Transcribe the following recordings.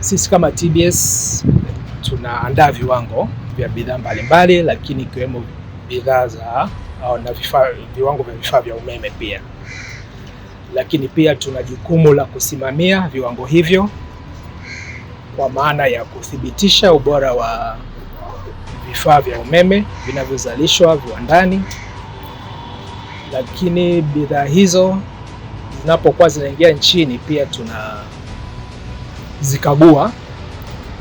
Sisi kama TBS tunaandaa viwango vya bidhaa mbalimbali, lakini ikiwemo bidhaa za na vifaa, viwango vya vifaa vya umeme pia, lakini pia tuna jukumu la kusimamia viwango hivyo kwa maana ya kuthibitisha ubora wa vifaa vya umeme vinavyozalishwa viwandani, lakini bidhaa hizo zinapokuwa zinaingia nchini pia tuna zikagua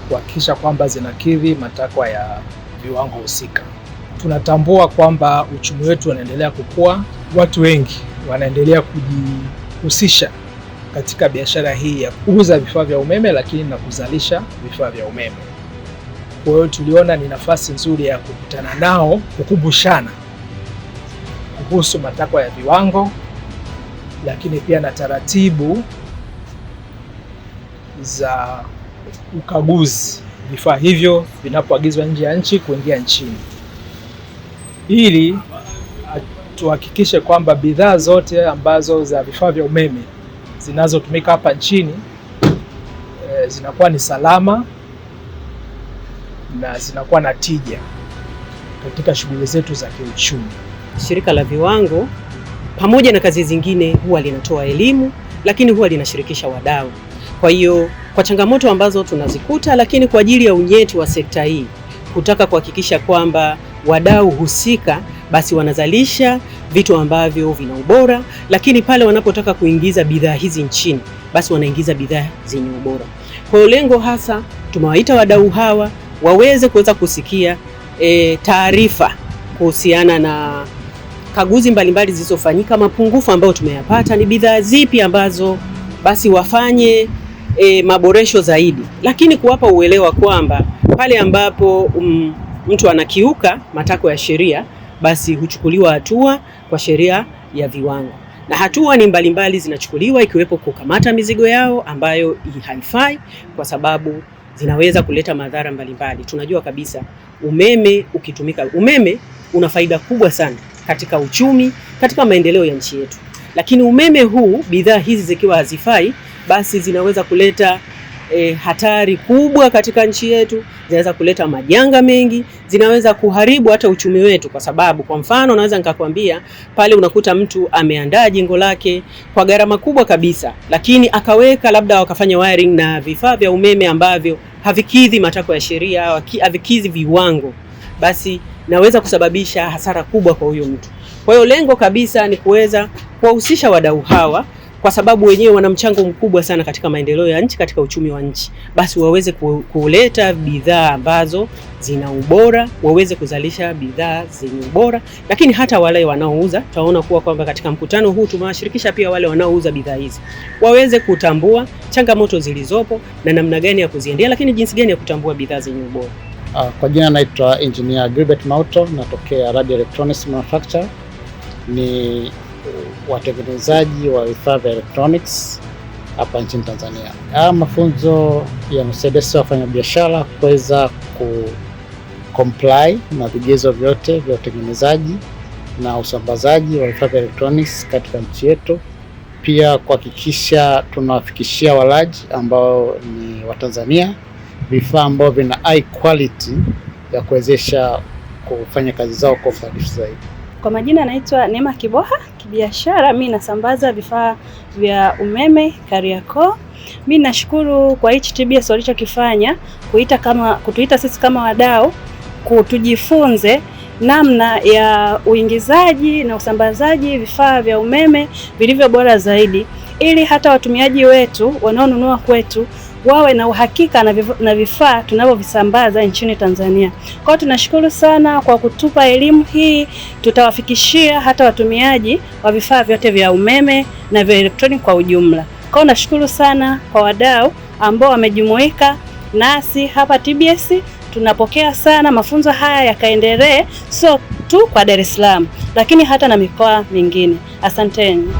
kuhakikisha kwamba zinakidhi matakwa ya viwango husika. Tunatambua kwamba uchumi wetu unaendelea kukua, watu wengi wanaendelea kujihusisha katika biashara hii ya kuuza vifaa vya umeme, lakini na kuzalisha vifaa vya umeme. Kwa hiyo tuliona ni nafasi nzuri ya kukutana nao, kukumbushana kuhusu matakwa ya viwango, lakini pia na taratibu za ukaguzi vifaa hivyo vinapoagizwa nje ya nchi kuingia nchini, ili tuhakikishe kwamba bidhaa zote ambazo za vifaa vya umeme zinazotumika hapa nchini e, zinakuwa ni salama na zinakuwa na tija katika shughuli zetu za kiuchumi. Shirika la Viwango pamoja na kazi zingine huwa linatoa elimu, lakini huwa linashirikisha wadau. Kwa hiyo kwa changamoto ambazo tunazikuta, lakini kwa ajili ya unyeti wa sekta hii kutaka kuhakikisha kwamba wadau husika basi wanazalisha vitu ambavyo vina ubora, lakini pale wanapotaka kuingiza bidhaa hizi nchini basi wanaingiza bidhaa zenye ubora. Kwa lengo hasa tumewaita wadau hawa waweze kuweza kusikia e, taarifa kuhusiana na kaguzi mbalimbali zilizofanyika, mapungufu ambayo tumeyapata, ni bidhaa zipi ambazo basi wafanye e, maboresho zaidi, lakini kuwapa uelewa kwamba pale ambapo um, mtu anakiuka matakwa ya sheria basi huchukuliwa hatua kwa sheria ya viwango, na hatua ni mbalimbali zinachukuliwa, ikiwepo kukamata mizigo yao ambayo haifai kwa sababu zinaweza kuleta madhara mbalimbali. Tunajua kabisa umeme ukitumika, umeme una faida kubwa sana katika uchumi, katika maendeleo ya nchi yetu, lakini umeme huu, bidhaa hizi zikiwa hazifai, basi zinaweza kuleta E, hatari kubwa katika nchi yetu, zinaweza kuleta majanga mengi, zinaweza kuharibu hata uchumi wetu, kwa sababu kwa mfano naweza nikakwambia pale unakuta mtu ameandaa jengo lake kwa gharama kubwa kabisa, lakini akaweka labda wakafanya wiring na vifaa vya umeme ambavyo havikidhi matakwa ya sheria, havikidhi viwango, basi naweza kusababisha hasara kubwa kwa huyo mtu. Kwa hiyo lengo kabisa ni kuweza kuwahusisha wadau hawa kwa sababu wenyewe wana mchango mkubwa sana katika maendeleo ya nchi, katika uchumi wa nchi, basi waweze kuleta bidhaa ambazo zina ubora, waweze kuzalisha bidhaa zenye ubora. Lakini hata wale wanaouza, tutaona kuwa kwamba katika mkutano huu tumewashirikisha pia wale wanaouza bidhaa hizi, waweze kutambua changamoto zilizopo na namna gani ya kuziendea, lakini jinsi gani ya kutambua bidhaa zenye ubora. Ah, kwa jina naitwa Engineer Gilbert Mauto, natokea Radio Electronics Manufacture ni watengenezaji wa vifaa vya electronics hapa nchini Tanzania. Haya mafunzo yanasaidia wafanyabiashara kuweza ku comply na vigezo vyote vya utengenezaji na usambazaji wa vifaa vya electronics katika nchi yetu, pia kuhakikisha tunawafikishia walaji ambao ni Watanzania vifaa ambavyo vina high quality ya kuwezesha kufanya kazi zao kwa ufanisi zaidi. Kwa majina naitwa Neema Kiboha. Kibiashara mi nasambaza vifaa vya umeme Kariakoo. Mi nashukuru kwa hichi TBS walichokifanya kuita kama kutuita sisi kama wadau kutujifunze namna ya uingizaji na usambazaji vifaa vya umeme vilivyo bora zaidi ili hata watumiaji wetu wanaonunua kwetu wawe na uhakika na vifaa tunavyovisambaza nchini Tanzania. Kwa hiyo tunashukuru sana kwa kutupa elimu hii, tutawafikishia hata watumiaji wa vifaa vyote vya umeme na vya elektroniki kwa ujumla. Kwa hiyo nashukuru sana kwa wadau ambao wamejumuika nasi hapa TBS. Tunapokea sana mafunzo haya yakaendelee, sio tu kwa Dar es Salaam, lakini hata na mikoa mingine. Asanteni.